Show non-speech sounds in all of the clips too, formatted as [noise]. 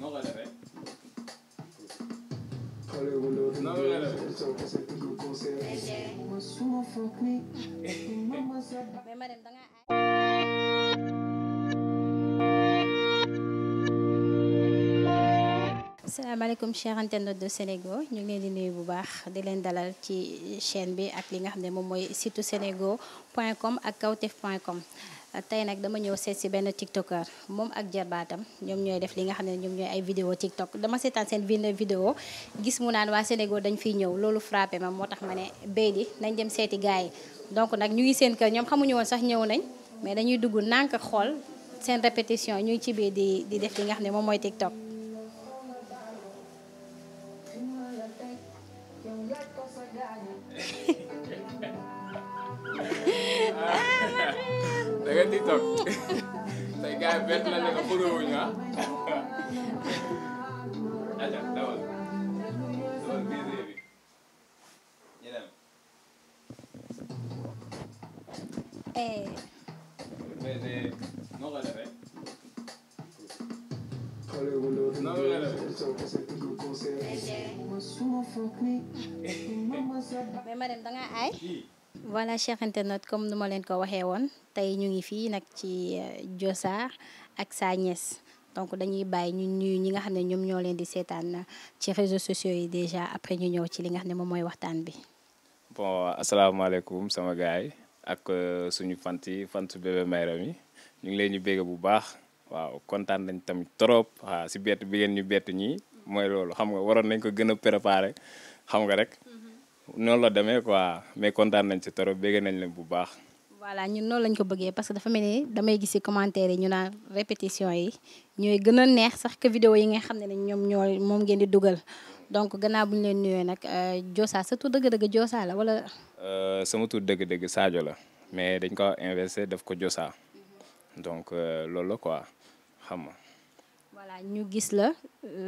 noo koy defee. noo koy de Sénégo ñu ngi leen di nuyu bu baax di leen dalal ci chaîne bi ak li nga xam ne moom mooy situ sénégo point com ak kawtef com tey nag dama ñëw seet si benn tiktoker moom ak jarbaatam ñoom ñooy def li nga xam ne ñoom ñooy ay vidéo tiktok dama seetaan seen benn vidéo gis mu naan waa Sénégal dañ fiy ñëw loolu frappé ma moo tax ma ne béy di nañ dem seeti gars yi donc nag ñu ngi seen kër ñoom xamuñu woon sax ñëw nañ mais dañuy dugg nànk xool seen répétition ñu ci biir di di def li nga xam ne moom mooy tiktok TikTok [laughs] tey gars yi bett na leen xulóowuñu ah. aja dawal dawal biir bi ñu dem. eh. mais noo ko defee. noo ko defee. mais madame da nga aay. voilà chers internautes comme nu ma leen ko waxee woon tey ñu ngi fii nag ci euh, Diossa ak Sa Thiès donc dañuy bàyyi ñu nuyu ñi nga xam ne ñoom ñoo leen di seetaan ci réseaux sociaux yi déjà après ñu ñëw ci li nga xam ne moom mooy waxtaan bi. bon asalaamaaleykum sama gaay ak euh, suñu fant yi fant bébé Mayram yi ñu ngi leen ñu bégg bu baax waaw kontaan nañ tamit trop waaw si bett bi ngeen ñu bett ñii mooy loolu xam nga waroon nañ ko gën a préparer xam nga rek. Mm-hmm. noonu la demee quoi mais kontaan nañ ci trop bégg nañ leen bu baax. voilà ñun noonu lañ ko bëggee parce que dafa mel ni damay gis ci commentaire yi ñu naan répétition yi ñooy gën a neex sax que vidéo yi nga xam ne ñoom ñoo moom ngeen di dugal donc gannaaw bu ñu leen nuyoo nag euh, Diossa sa tur dëgg-dëgg Diossa la wala. Euh, sama tur dëgg-dëgg la mais dañ ko inversé def ko Diossa donc euh, loolu la quoi xam nga. voilà ñu gis la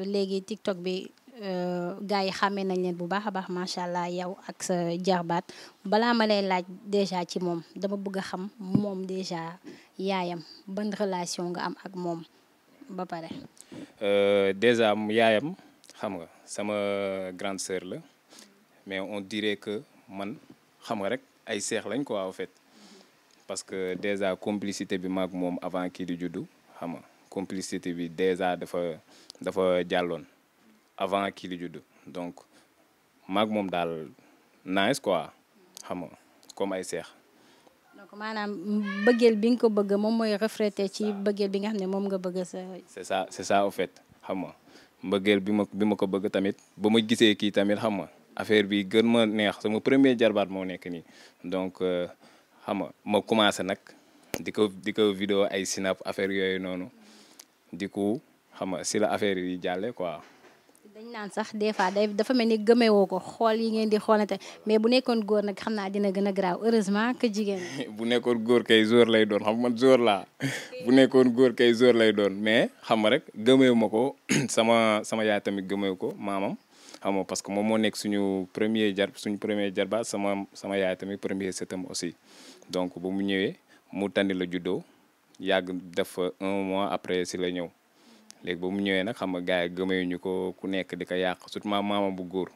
léegi TikTok bi. Euh, gars yi xàmmee nañ leen bu baax a baax macha allah yow ak sa jarbaat balaa ma lay laaj déjà ci moom dama bëgg a xam moom déjà yaayam ban relation nga am ak moom ba pare. Euh, déjà yaayam xam nga sama grande sœur la mais on dirait que man xam nga rek ay seex lañ quoi en fait parce que déjà complicité bi mag moom avant kii di juddu xam nga complicité bi déjà dafa dafa jàlloon. avant kii di judd donc maag moom daal nice quoi xam nga comme ay seex. donc maanaam bëggeel bi nga ko bëgg moom mooy reflété ci bëggeel bi nga xam ne moom nga bëgg sa. c'est ça c'est ça au fait xam nga mbëggeel bi ma bi ma ko bëgg tamit ba ma gisee kii tamit xam nga affaire bi gën ma neex sama premier jarbaat moo nekk nii donc euh, xam nga ma commencé nag di ko di ko vidéo ay sinap affaire yooyu noonu di ko xam nga si la affaire yi jàlle quoi. dañ naan sax des fois day dafa mel ni gëmewoo ko xool yi ngeen di xool te mais bu nekkoon góor nag xam naa dina gën a garaaw heureusement que jigéen [laughs] bu nekkoon góor kay jour lay doon xam man jour laa [laughs] bu nekkoon góor kay jour lay doon mais xam nga rek gëmeewu ma ko [clears throat] sama sama yaay tamit gëmeewu ko maamam xam nga parce que moom moo nekk suñu premier jar suñu premier jarba sama sama yaay tamit premier sëtam aussi donc ba mu ñëwee mu tandi la juddoo yàgg dafa un mois après si la ñëw léegi ba mu ñëwee nag xam nga gars yi gëmëyuñu ko ku nekk di ko yàq surtout maama bu góor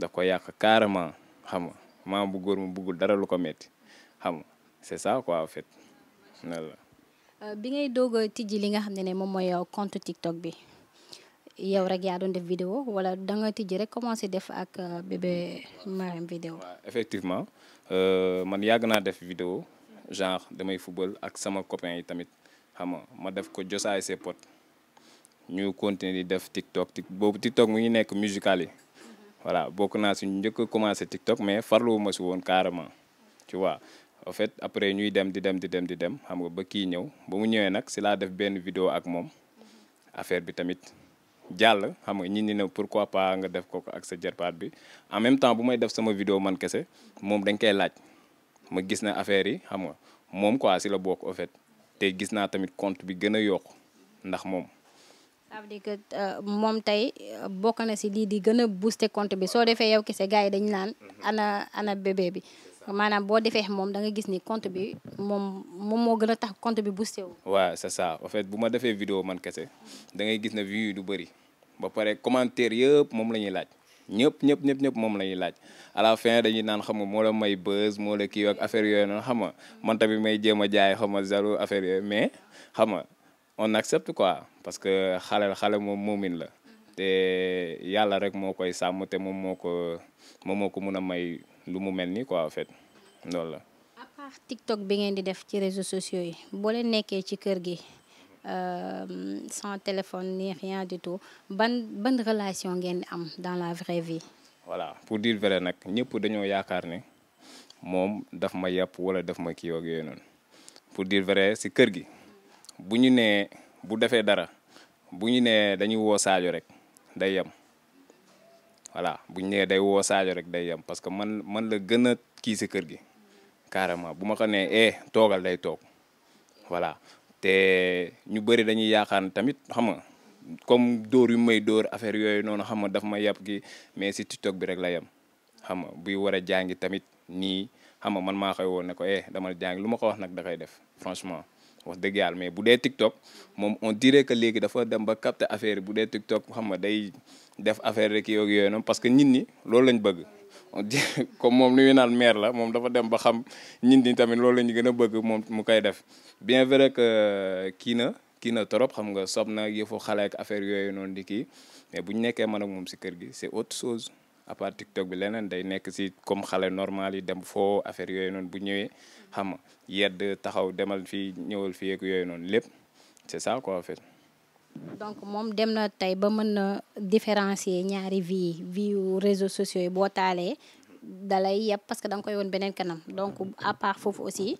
da ko yàq carrément xam nga maama bu góor mu buggul dara lu ko metti xam nga c'est ça quoi en fait voilà. Euh, bi ngay doog a tijji li nga xam ne ne moom mooy euh, compte TikTok bi yow rek yaa doon def vidéo wala da nga tijji rek commencé def ak euh, bébé Marème vidéo waaw effectivement man yàgg naa def vidéo genre damay football ak sama copain yi tamit xam ma def ko josaay ses pot ñu continuer di def TikTok tik boobu TikTok mu ngi nekk musical yi voilà bokk naa suñu njëkk a commencé TikTok mais farluwuma si woon carrément tu vois en fait après ñuy dem di dem di dem di dem xam nga ba kii ñëw ba mu ñëwee nag si laa def benn vidéo ak moom affaire bi tamit jàll xam nga ñi ni ne pourquoi pas nga def ko ak sa jarpaat bi en même temps bu may def sama vidéo man kese moom dañ koy laaj ma gis na affaire yi xam nga moom quoi si la bokk en fait te gis naa tamit compte bi gën a yokk ndax moom. ça veut dire euh, moom tey euh, bokk na si lii di gën a booster compte bi soo defee yow kese gars yi dañu naan mhm. ana ana bébé bi maanaam boo defee moom da nga gis ni compte bi moom moom moo gën a tax compte bi boosté wu. waa c'est ça en bu ma defee vidéo man kese da ngay gis ne vues yi du bëri ba pare commentaire yëpp moom la ñuy laaj. ñëpp ñëpp ñëpp ñëpp moom la ñuy laaj à la dañuy naan xam nga moo la may buzz moo la kii ak affaire yooyu noonu xam nga man tamit may jéem a jaay xama nga zéro affaire yooyu mais xam nga on accepte quoi parce que xale xale moom muumin la te yàlla rek moo koy sàmm te moom moo ko moom ko mun a may lu mu mel nii quoi en fait loolu la. à part TikTok bi ngeen di def ci réseaux sociaux yi boo leen nekkee ci kër gi euh, sans téléphone ni rien du tout ban ban relation ngeen am dans la vraie vie. voilà pour dire vrai nag ñëpp dañoo yaakaar ne moom daf ma yàpp wala daf ma kii ak yooyu noonu pour dire vrai si kër gi. bu ñu nee bu defee dara bu ñu nee dañuy woo Sadio rek day yem voilà bu ñu nee day woo Sadio rek day yem parce que man man la gën a kii si kër gi carrément bu ma ko nee eh toogal day toog voilà te ñu bëri dañuy yaakaar tamit xam nga comme dóor yu may dóor affaire yooyu noonu xam nga daf ma yàpp gi mais si TikTok bi rek la yem xam nga buy war a jàngi tamit nii xam nga man maa koy woon ne ko eh dama jàngi lu ma ko wax nag da koy def franchement. wax dëgg yàlla mais bu dee TikTok moom on dirait que léegi dafa dem ba capter affaire bu dee TikTok xam nga day def affaire rek yooyu yooyu noonu parce que nit ñi loolu lañ bëgg on dirait [laughs] comme moom li ñu naan maire la moom dafa dem ba xam nit ñi tamit loolu lañ gën a bëgg moom mu koy def bien vrai que euh, kii na kii na trop xam nga sob na yëfu xale ak affaire yooyu noonu di mais bu nekkee man ak moom si kër gi c'est autre chose. à TikTok bi leneen day nekk si comme xale normal yi dem foo affaire yooyu noonu bu ñëwee xam nga yedd taxaw demal fii ñëwal fii ak yooyu noonu lépp c'est ça quoi en donc moom dem na tey ba mën na différencier ñaari vie yi vie réseaux sociaux yi boo taalee dalay yëpp parce que da nga koy woon beneen kanam donc à part foofu aussi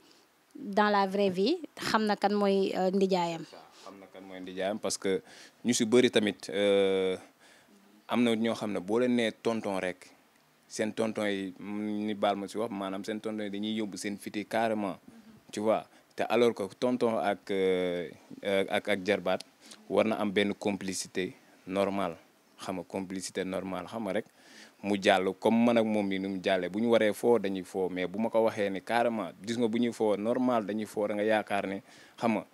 dans la vraie vie xam na kan mooy euh, ndijaayam. xam na kan mooy parce que ñu si bëri tamit. Euh, am na ñoo xam ne boo leen nee tonton rek seen tonton yi ni baal ma si wax maanaam seen tonton yi dañuy yóbbu seen fiti carrément tu vois te alors que tonton ak euh, ak ak jarbaat war na am benn complicité normale xam nga complicité normal xam nga rek mu jàll comme man ak moom mi nu mu jàllee bu ñu waree foo dañuy foo mais bu ma ko waxee ni carrément gis nga bu ñuy foo normal dañuy foo da nga yaakaar ne xam nga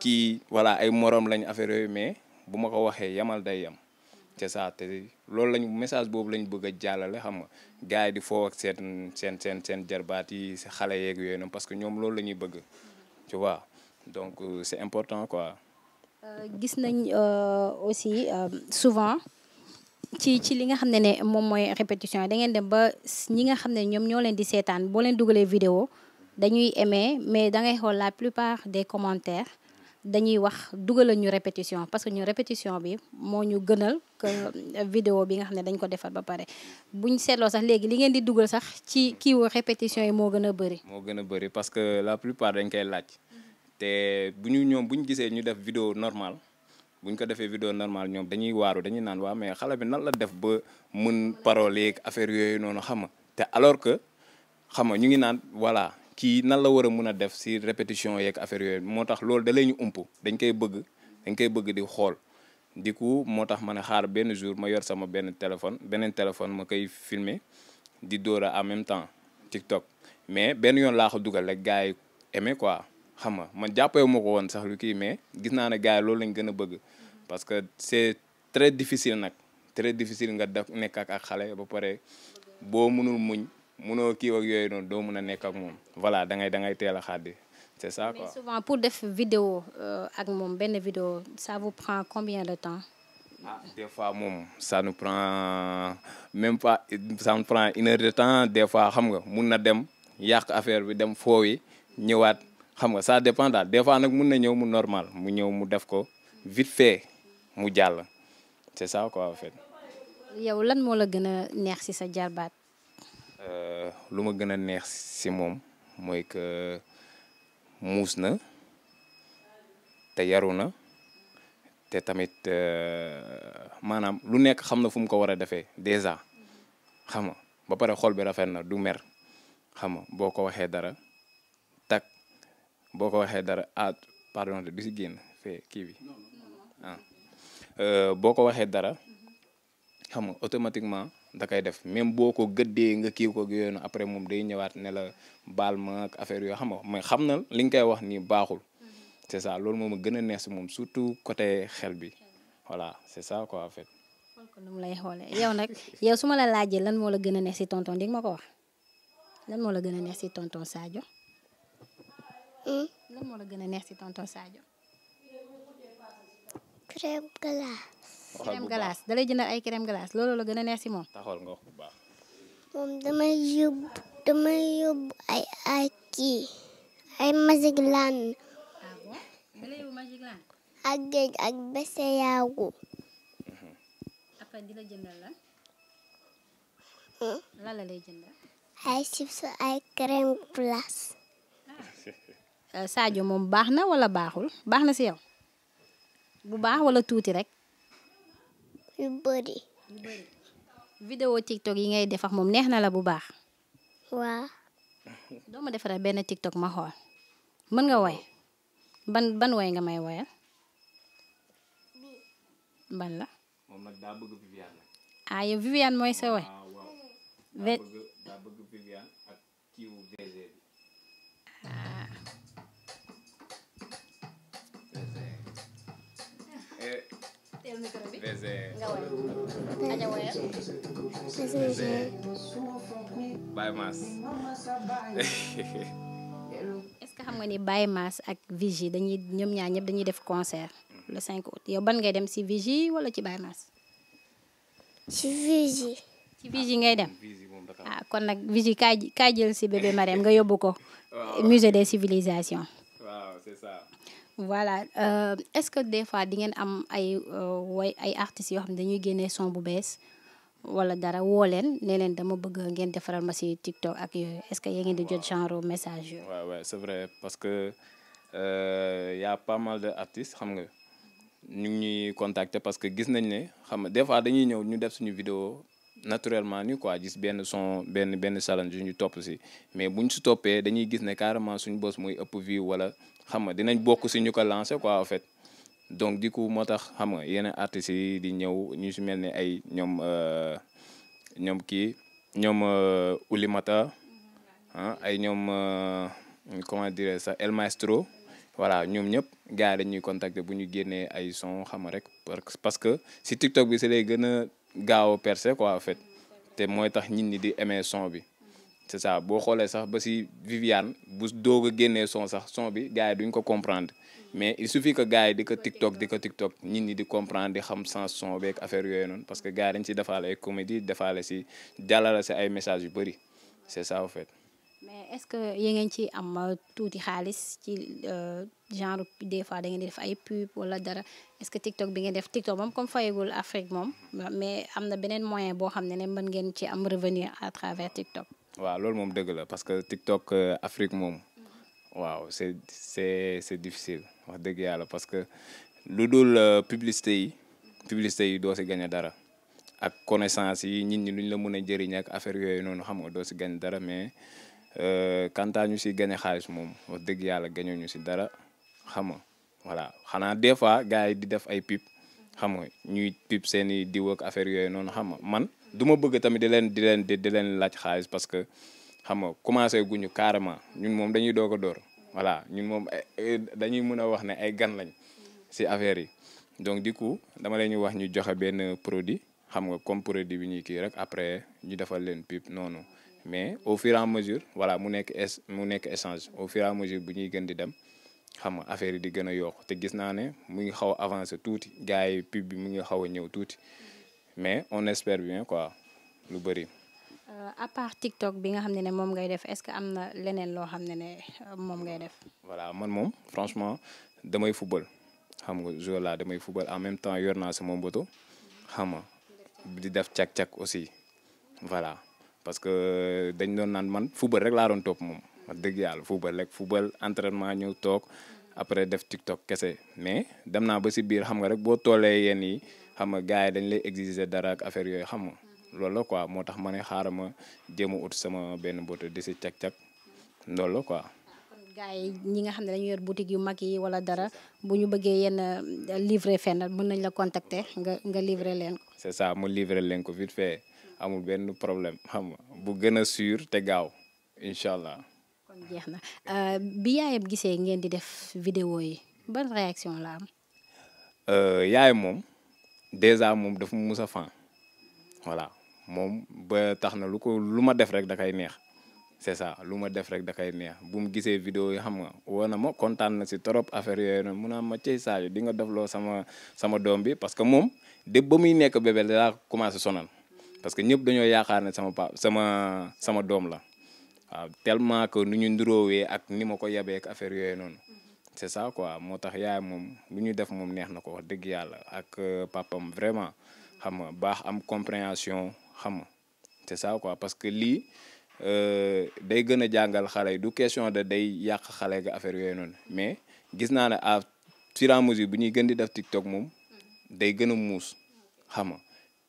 kii voilà ay morom lañ affaire yooyu mais bu ma ko waxee yamal day yam. c'est ça te loolu lañ message boobu lañ bëgg a jàllale xam nga gars yi di foo seen seen seen seen jarbaat xale yeeg yooyu noonu parce que ñoom loolu la ñuy bëgg tu vois donc euh, c'est important quoi. Euh, gis nañ euh, aussi souvent ci ci li nga xam ne ne moom mooy répétition yi da ngeen dem ba ñi nga xam ne ñoom ñoo leen di seetaan boo leen dugalee vidéo dañuy aimer mais da ngay la plupart des commentaires. dañuy wax dugalal ñu répétition parce que ñu répétition bi moo ñu gënal que euh, vidéo bi nga xam ne dañ ko defar ba pare bu ñu seetloo sax léegi li ngeen di dugal sax ci kii wu répétition yi moo gën a bëri. moo gën a bëri parce que la plupart dañ koy laaj. te bu ñu ñoom bu ñu gisee ñu def video normal buñ ko defee vidéo normal ñoom dañuy waaru dañuy naan waa mais xale bi nan la def ba mën parole yeeg affaire yooyu noonu xama te alors que xam nga ñu ngi naan voilà. kii nan la war a mun a def si répétition yeeg affaire yooyu moo tax loolu da lay ñu ump dañ koy bëgg dañ koy bëgg di xool di ko moo tax ma ne xaar benn jour ma yor sama benn téléphone beneen téléphone ma koy filmer di dóora en même temps TikTok mais benn yoon laa ko dugal rek gars yi aimé quoi xam nga man jàppee ma ko woon sax lu kii mais gis naa ne gars loolu lañ gën a bëgg parce que c'est très difficile nag très difficile nga def nekk ak ak xale ba pare boo mënul muñ munoo kiiw ak yooyu noonu doo mun a nekk moom voilà da ngay da ngay teel a c'est ça quoi. souvent pour def vidéo euh, ak moom benn vidéo sa vous prend combien de temps. ah des fois moom ça nous même pas ça nous prend temps des fois xam nga mun na dem yàq affaire bi dem foo fooyi ñëwaat xam nga sa dépend daal des fois nag mun na ñëw mu normal mu ñëw mu def ko vite fait mu jàll c'est ça quoi en fait. yow moo la gën a neex ci sa jarbaat. Euh, lu ma gën a neex si moom mooy que muus na te yaru na te tamit euh, maanaam lu nekk xam na fu mu ko war a defee déjà xam nga ba pare xol bi rafet na du mer xam nga boo ko waxee dara tak boo ko waxee dara ah pardon du si génn fee kii bi ah. euh, boo ko waxee dara xam nga automatiquement. da koy def même boo ko gëddee nga kii ko yooyu après moom day ñëwaat ne la baal ma ak affaire yoo xam nga mais xam na li nga koy wax nii baaxul mm-hmm. c'est ça loolu moom a gën a neex si moom surtout côté xel bi voilà c'est ça quoi kon nu mu lay xoolee yow nag yow su ma la laajee lan moo la neex si tonton di nga ma ko wax lan moo la gën a neex si tonton Sadio. Hmm? lan moo la gën a neex si tonton Sadio. crème glace da lay jëndal ay crème glace loolu la gën a neex si moom. taxawal nga wax bu baax. moom damay yóbbu damay yóbbu ay ay kii ay Magic Land. ah géej ak bese yaagu. Mhm. la jëndal lan. Hmm? lan la lay ay chips ay crème glace. Ah. [laughs] Euh, Sadio moom baax na wala baaxul baax na si yow bu baax wala tuuti rek. yu bëri. yu TikTok yi ngay defar moom neex na la bu baax. waaw. doo ma defaral benn TikTok ma xool. mën nga woy ban ban woy nga may woyal. ban la. moom nag ah, Viviane. mooy sa woy. daa Baye ce [laughs] que xam nga ni Baye Mass ak Vigie dañuy ñoom ñaar ñëpp dañuy def concert le 5 août yow ban ngay dem si Vigie wala ci Baye Mass. ci Vigie. ci Vigie ngay dem. Ah, kon nag Vigie ka kaay jël ci bébé Marème nga yóbbu ko. [laughs] musée des civilisations. voilà euh, est-ce que des fois di ngeen am ay euh, way ay artistes yoo xam ne dañuy génnee son bu bees wala dara woo leen nee leen dama bëgg ngeen defaral ma ci TikTok ak yooyu est-ce que yaa ngeen di jot genre message yooyu. waaw c'est vrai parce que euh, y a pas mal de artistes xam nga ñu ngi ñuy contacter parce que gis nañ ne xam nga des fois dañuy ñëw ñu def suñu video naturellement ni quoi gis benn son benn benn challenge ñu topp si mais bu ñu si toppee dañuy gis ne carrément suñu boss mooy ëpp vie wala xam nga dinañ bokk si ñu ko lancer quoi en fait donc di ko moo tax xam nga yeneen artistes yi di ñëw ñu si mel ni ay ñoom euh, ñoom kii ñoom euh, Oulimata ah ay ñoom euh, comment dirais ça El Maestro voilà ñoom ñëpp gars yi dañuy contacter bu ñu génnee ay son xam rek parce que si TikTok bi si lay gën gaaw a percer quoi fait te mooy tax nit ñi di emee son bi c'est ça boo xoolee sax ba si Viviane bu doog génnee son sax son bi gars yi duñ ko comprendre mais il suffit que gars yi di ko TikTok di ko TikTok nit ñi di comprendre di xam sens son beeg affaire yooyu noonu parce que gars dañ ci defaale ay comédie defaale si jàllale si ay messages yu bëri c'est ça en fait. mais est-ce que yéen ngeen ci am euh, tuuti xaalis ci euh, genre des fois da ngeen di def ay pub wala dara est-ce que TikTok bi ngeen def TikTok moom comme fayagul Afrique moom mais am na beneen moyen boo xam ne ne mën ngeen ci am revenu à travers TikTok. waa loolu moom dëgg la parce que TikTok euh, Afrique moom. waaw c'est c'est c'est difficile wax dëgg yàlla parce que lu dul publicité yi. publicité yi doo si gagné dara. ak connaissance yi nit ñu luñ la mun a jëriñ ak affaire yooyu noonu xam nga doo si gagné dara mais. kantaa euh, ñu si gagné xaalis moom o dëgg yàlla gagné ñu si dara xam nga voilà xanaa des fois gars yi di def ay pub xam nga ñuy pub seen i diw affaire yooyu noonu xam nga man duma ma bëgg tamit di leen di leen di leen laaj xaalis parce que xam nga commencé guñu carrément ñun moom dañuy doog a door voilà ñun moom eh, eh, dañuy mun a wax ne ay gan lañ si affaire yi donc di coup dama leen ñu wax ñu joxe benn produit xam nga comme produit bi ñuy kii rek après ñu defal leen pub noonu. mais au fur et voilà mu nekk mu nekk échange au fur et bu ñuy gën di dem xam nga affaire yi di gën a yokku te gis naa ne mu ngi xaw a tuuti gars yi pub bi mu ngi xaw a ñëw tuuti mais on espère bien quoi lu bëri. Euh, à part TikTok bi nga xam ne ne moom ngay def est-ce que am na leneen loo xam ne ne euh, moom ngay def. voilà man moom franchement damay football xam nga la laa damay football en même temps yor naa sama mboto xam nga di def càq cak aussi voilà. parce que euh, dañ doon naan man football rek laa doon topp moom wax dëgg yàlla football rek football entraînement ñëw toog après def TikTok kese mais dem naa ba si biir xam nga rek boo toolee yenn yi xam nga gars yi dañ lay exiger dara affaire yooyu xam nga loolu quoi moo tax ma ne xaaral ma jéem a ut sama benn mboota di si cag-cag loolu la yi ñi nga xam ne dañu yor yu mag yi wala dara bu ñu bëggee yenn euh, livrer fenn mën nañ la contacter nga nga livrer leen ko. c'est ça mu livrer leen ko vite amul benn problème xam nga bu gën a sûr te gaaw incha allah. Euh, bi yaayam gisee ngeen di def vidéo yi ban réaction la am. Euh, yaay moom déjà moom dafa musa a fan voilà moom ba tax na lu ko lu ma def rek da kay neex c'est ça lu ma def rek da kay neex bu mu gisee video yi xam nga woo na ma kontaan na si trop affaire yooyu ne mun a ma cey saa di nga defloo sama sama doom bi parce que moom de ba muy nekk bébé laa commencé sonal. parce que ñëpp dañoo yaakaar ne sama pa sama sama doom la waaw tellement que nu ñu ndiroo wee ak ni ma ko yabee ak affaire yooyu noonu c'est ça quoi moo tax yaay moom lu ñu def moom neex na ko wax dëgg yàlla ak euh, papam vraiment xam nga baax am compréhension xam nga c'est ça quoi parce que lii euh, day gën a jàngal xale yi du question de day yàq xale ga affaire yooyu noonu mais gis naa ne à fur et bu ñuy gën di def TikTok moom day gën a muus xam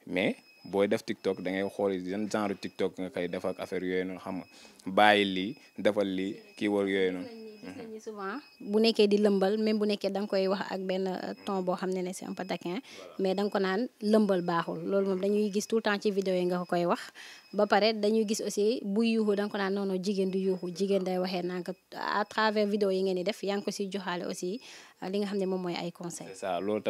mais boo def TikTok da ngay xool yan genre TikTok nga koy def ak affaire yooyu noonu xam nga bàyyi defal lii kii war noonu. ñi bu nekkee di lëmbal même bu nekkee da nga koy wax ak benn euh, ton boo xam ne ne c'est un peu taquin mais da ko naan lëmbal baaxul loolu moom dañuy gis tout le temps ci vidéo yi nga koy wax ba pare dañuy gis aussi bu yuuxu da nga ko naan non non jigéen du yuuxu jigéen day waxee nanka à travers vidéo yi ngeen di def yaa ngi ko si joxaale aussi euh, li nga xam ne moom mooy ay conseils. c'est ça loolu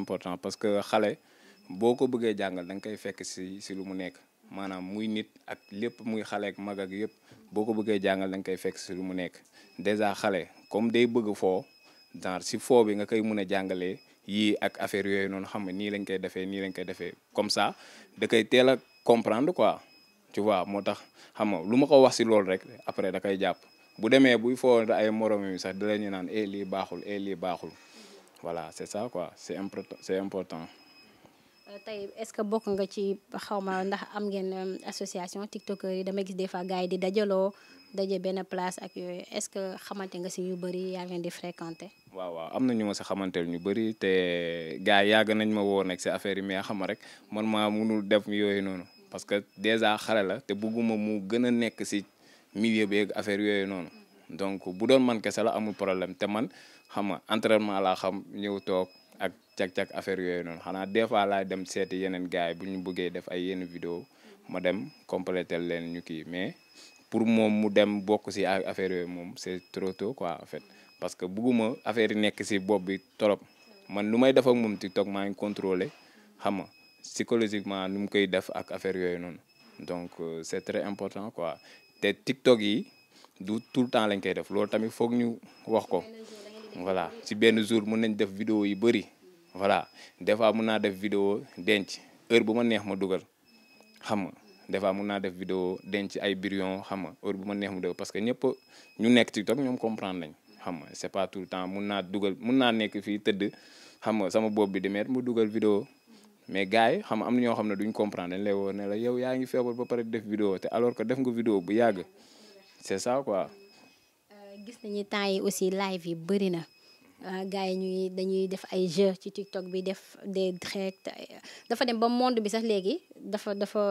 important parce que xale. boo ko bëggee jàngal da nga koy fekk si si lu mu nekk maanaam muy nit ak lépp muy xale ak mag ak yëpp boo ko bëggee jàngal da nga koy fekk si lu mu nekk déjà xale comme day bëgg foo genre si foo bi nga koy mën a jàngalee yii ak affaire yooyu noonu xam nga nii lañ koy defee nii lañ koy defee comme ça da koy teel a comprendre koi ci vois moo tax xam nga lu ma ko wax si loolu rek après da koy jàpp bu demee buy foo ay morom yi sax da la ñu naan eh lii baaxul eh lii baaxul voilà c'est ça quoi c'est important c'est important. tey est-ce que bokk nga ci xawma ndax am ngeen association tiktokeur yi dama gis des fois gars di dajaloo daje benn place ak yooyu est-ce que xamante nga si ñu bëri yaa ngeen di fréquenter. waaw am na ñu ma si xamanteel ñu bëri te gars yi yàgg nañ ma woo nag si affaire yi mais xama rek man maa munul def yooyu noonu parce que déjà xale la te bugguma mu gën a nekk si milieu bi affaire yooyu noonu. Mm-hmm. donc bu doon man kese la amul problème te man xam nga entraînement laa xam ñëw toog. ak cag-cag affaire yooyu noonu xanaa des fois laay dem seeti yeneen gars yi bu ñu bëggee def ay yenn vidéo ma dem compléter leen ñu kii mais pour moom mu dem bokk si affaire yooyu moom c'est trop tôt quoi en fait parce que bugguma affaire yi nekk si bopp bi trop man lu may def ak moom TikTok maa ngi contrôler xam nga psychologiquement nu mu koy def ak affaire yooyu noonu donc euh, c'est très important quoi te TikTok yi du tout le temps lañ koy def loolu tamit foog ñu wax ko. voilà si benn jour mun nañ def vidéo yu bëri voilà des fois mun naa def vidéo denc heure bu ma neex ma dugal xam nga des fois mun naa def vidéo denc ay xam nga heure bu ma neex ma dugal parce que ñëpp ñu nekk TikTok ñoom comprendre nañ xam nga c'est pas tout le temps mun naa dugal mun naa nekk fi tëdd xam nga sama bopp bi di met mu dugal vidéo mais gars yi xam nga am na ñoo xam ne duñ comprendre dañ lay woo ne la yow yaa ngi feebar ba pare def vidéo te alors que def nga vidéo bu yàgg c'est ça quoi gis nañu temps yi aussi live yi bëri na ah, gars yi ñuy dañuy def ay jeux ci TikTok bi def des directs dafa dem ba monde bi sax léegi dafa dafa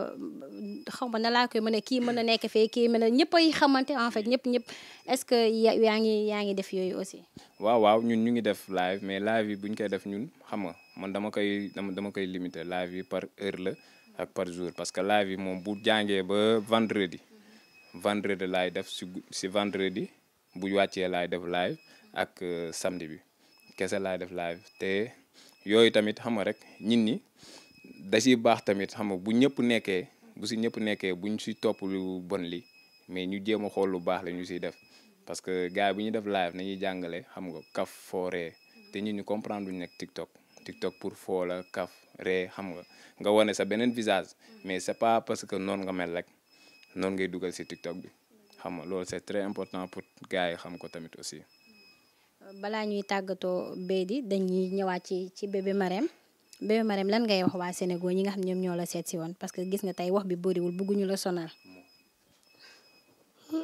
xaw ma na laa koy mën a kii mën a nekk fee kii mën a ñëpp ay xamante en fait ñëpp ñëpp est-ce que yaa ngi yaa ngi def yooyu aussi. waaw ñun ñu ngi def live mais live yi buñ koy def ñun xam nga man dama koy dama koy limiter live yi par heure la ak par jour parce que live yi moom bu jàngee ba vendredi. vendredi laay def si si vendredi. bu wàccee laay def live ak euh, samedi bi kese laay def live te yooyu tamit xam nga rek ñit ñi da ciy baax tamit xam nga bu ñëpp nekkee bu si ñëpp nekkee buñ si topp lu bon li mais ñu jéem a xool lu baax la ñu siy def parce que gars yi bu ñuy def live nañuy jàngale xam nga kaf foo ree te ñit ñu comprendre luñ nekk TikTok TikTok pour foola la kaf ree xam nga nga wane sa beneen visage mais c'est pas parce que noonu nga mel rek noonu ngay dugal si TikTok bi xam nga loolu c'est très important pour gars yi xam ko tamit aussi. balaa ñuy tàggatoo Bédi dañuy ñëwaat ci ci bébé Marème bébé Marème lan ngay wax waa Sénégal ñi nga xam ñoom ñoo la seet si woon parce que gis nga tey wax bi bëriwul bëgguñu la sonal.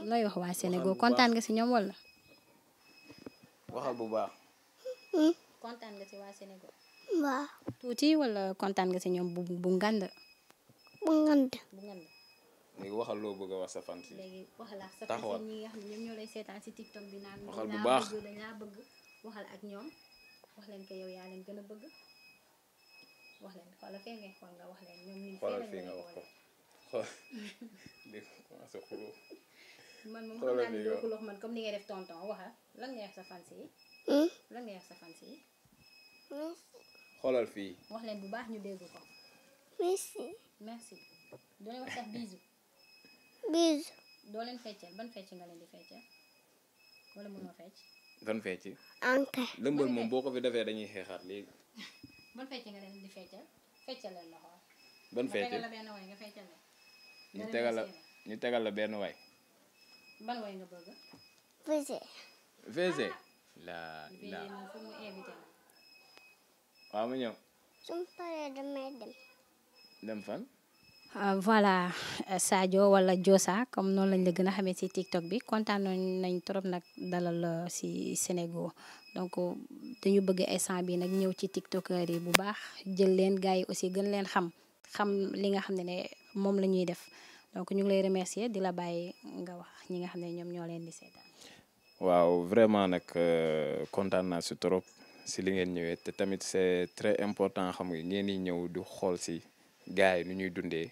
looy wax waa Sénégal kontaan nga si ñoom wala. si waa Sénégal. waaw. tuuti wala kontaan nga si ñoom bu bu ngand. bu ngand. bu ngand. léegi waxal loo bëgg a wax sa fan si. léegi waxal sa fan ñi nga lay seetaan si TikTok bi naan. waxal bu baax dañ laa bëgg waxal ak ñoom wax leen ko yow yaa leen gën a bëgg wax leen xoolal fee ngay xool nga wax leen ñoom ñu. xoolal fee nga ko [laughs] xool man moom xam naa def tonton waxal lan ngay wax sa fan si. si. xoolal fii. wax leen bu baax ñu dégg ko. merci. merci. doon wax sax bisou. bis. doo leen fecceel ban fecc nga leen di fecceel wala mënoo fecc. ban fecc. anke. lëmbal moom boo ko fi defee dañuy xeexaat léegi. [laughs] ban fecc nga leen di fecceel fecceel ñu tegal la benn way. ban way laa laa waaw mu ñëw. su ma paree damay dem. dem fan. Ah, voilà Sadio wala Diossa comme noonu lañ la gën a xamee si TikTok bi kontaan nañ trop nag dalal si Sénégal donc dañu bëgg instant bi nag ñëw ci tiktokers yi bu baax jël leen gars yi aussi gën leen xam xam li nga xam ne ne moom la ñuy def donc ñu ngi lay remercier di la bàyyi nga wax ñi nga xam ne ñoom ñoo leen di seetaan. waaw vraiment nag euh, kontaan naa si trop si li ngeen ñëwee te tamit c'est très important xam nga ngeen ñëw du xool si gars yi nu ñuy dundee.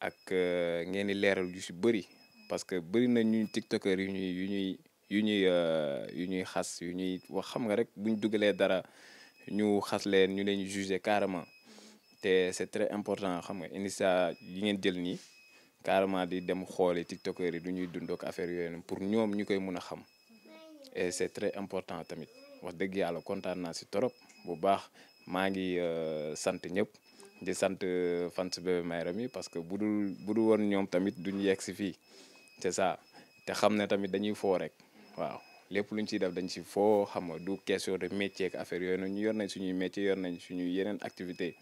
ak euh, ngeen di leeral yu si bëri parce que bëri na ñu tiktokers yu ñuy yu ñuy yu ñuy euh, yu ñuy xas yu ñuy wax xam nga rek bu ñu dugalee dara ñu xas leen ñu leen jugé carrément te c'est très important xam nga initiative yi ngeen jël nii carrément di dem xooli tiktokers yi du ñuy dund ak yooyu pour ñoom ñu koy mun a xam e c'est très important tamit wax dëgg yàlla kontaan naa si trop bu baax maa ngi euh, sant ñëpp. di sant euh, fans Bébé Mayra mi parce que bu dul bu dul woon ñoom tamit duñu yegg si fii te sa te xam ne tamit dañuy foo rek waaw lépp lu ñu ciy def dañ si foo xam nga du question de métier ak affaire yooyu noonu ñu yor nañ suñuy métier yor nañ suñuy yeneen activité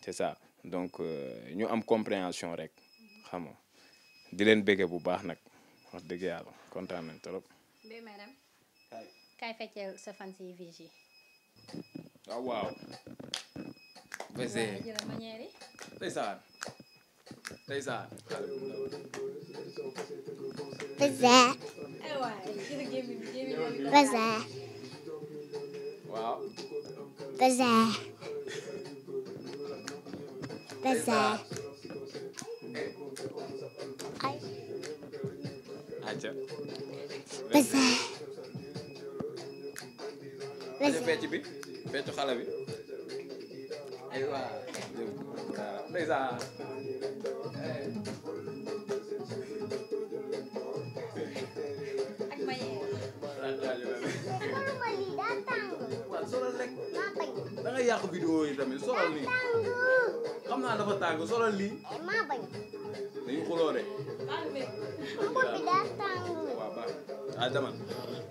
te sa donc euh, ñu am compréhension rek xam nga di leen béggee bu baax nag wax dëgg yàlla kontaan nañ trop. kay fecceel sa fans yi ah, waaw waaw Bese. Ndeysaan. Ndeysaan. Bese. Bese. Waaw. Bese. Bese. Ay. Aja. Bese. Bese. Fecc bi, feccu xale bi. ndeysaan da ngay yàq vidéo yi tamit solal nii xam naa dafa tàng solal lii. maa bañ. dañu xuloo de. waaw waaw baax na ah